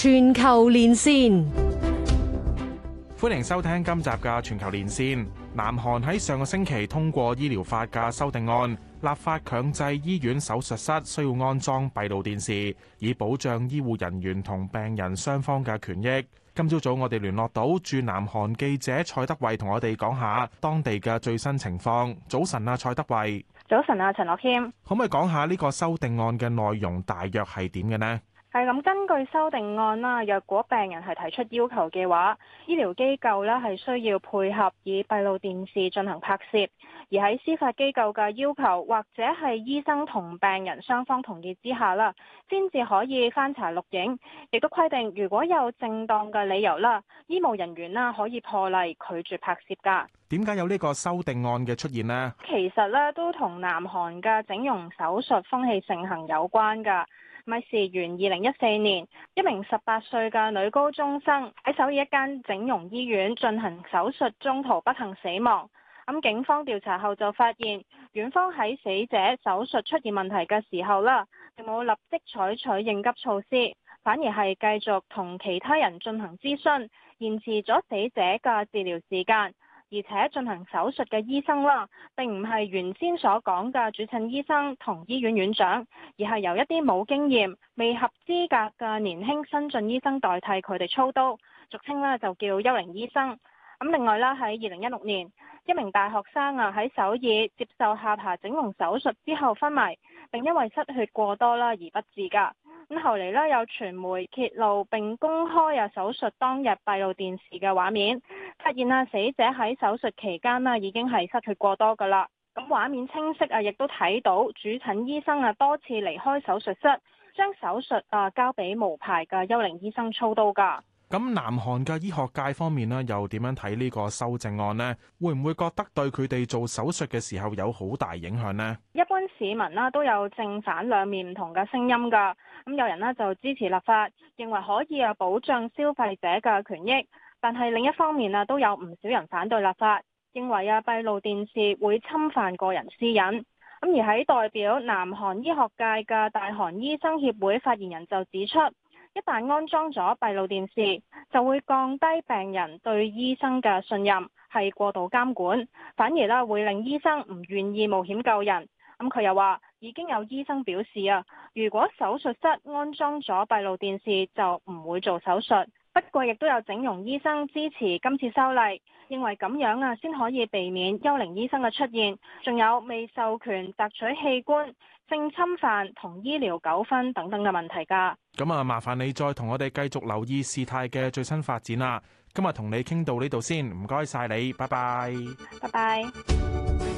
全球連線，歡迎收聽今集嘅全球連線。南韓喺上個星期通過醫療法嘅修訂案，立法強制醫院手術室需要安裝閉路電視，以保障醫護人員同病人雙方嘅權益。今朝早我哋聯絡到駐南韓記者蔡德蕙，同我哋講下當地嘅最新情況。早晨啊，蔡德蕙。早晨啊，陳樂謙。可唔可以講下呢個修訂案嘅內容大約係點嘅呢？係咁，根據修訂案啦，若果病人係提出要求嘅話，醫療機構呢係需要配合以閉路電視進行拍攝，而喺司法機構嘅要求或者係醫生同病人雙方同意之下啦，先至可以翻查錄影。亦都規定，如果有正當嘅理由啦，醫務人員啦可以破例拒絕拍攝噶點解有呢個修訂案嘅出現呢？其實呢都同南韓嘅整容手術風氣盛行有關噶咪事源二零一四年，一名十八歲嘅女高中生喺首爾一間整容醫院進行手術中途不幸死亡。咁警方調查後就發現院方喺死者手術出現問題嘅時候啦，並冇立即採取應急措施，反而係繼續同其他人進行諮詢，延遲咗死者嘅治療時間。而且進行手術嘅醫生啦，並唔係原先所講嘅主診醫生同醫院院長，而係由一啲冇經驗、未合資格嘅年輕新晉醫生代替佢哋操刀，俗稱呢就叫幽靈醫生。咁另外啦，喺二零一六年，一名大學生啊喺首爾接受下巴整容手術之後昏迷，並因為失血過多啦而不治噶。咁後嚟呢，有傳媒揭露並公開有手術當日閉路電視嘅畫面。發現啊，死者喺手術期間啦，已經係失血過多噶啦。咁畫面清晰啊，亦都睇到主診醫生啊多次離開手術室，將手術啊交俾無牌嘅幽靈醫生操刀噶。咁南韓嘅醫學界方面咧，又點樣睇呢個修正案呢？會唔會覺得對佢哋做手術嘅時候有好大影響呢？一般市民啦都有正反兩面唔同嘅聲音噶。咁有人咧就支持立法，認為可以啊保障消費者嘅權益。但係另一方面啊，都有唔少人反對立法，認為啊閉路電視會侵犯個人私隱。咁而喺代表南韓醫學界嘅大韓醫生協會發言人就指出，一旦安裝咗閉路電視，就會降低病人對醫生嘅信任，係過度監管，反而啦會令醫生唔願意冒險救人。咁佢又話，已經有醫生表示啊，如果手術室安裝咗閉路電視，就唔會做手術。不過亦都有整容醫生支持今次修例，認為咁樣啊，先可以避免幽靈醫生嘅出現，仲有未授權摘取器官、性侵犯同醫療糾紛等等嘅問題㗎。咁啊，麻煩你再同我哋繼續留意事態嘅最新發展啦。今日同你傾到呢度先，唔該晒你，拜拜，拜拜。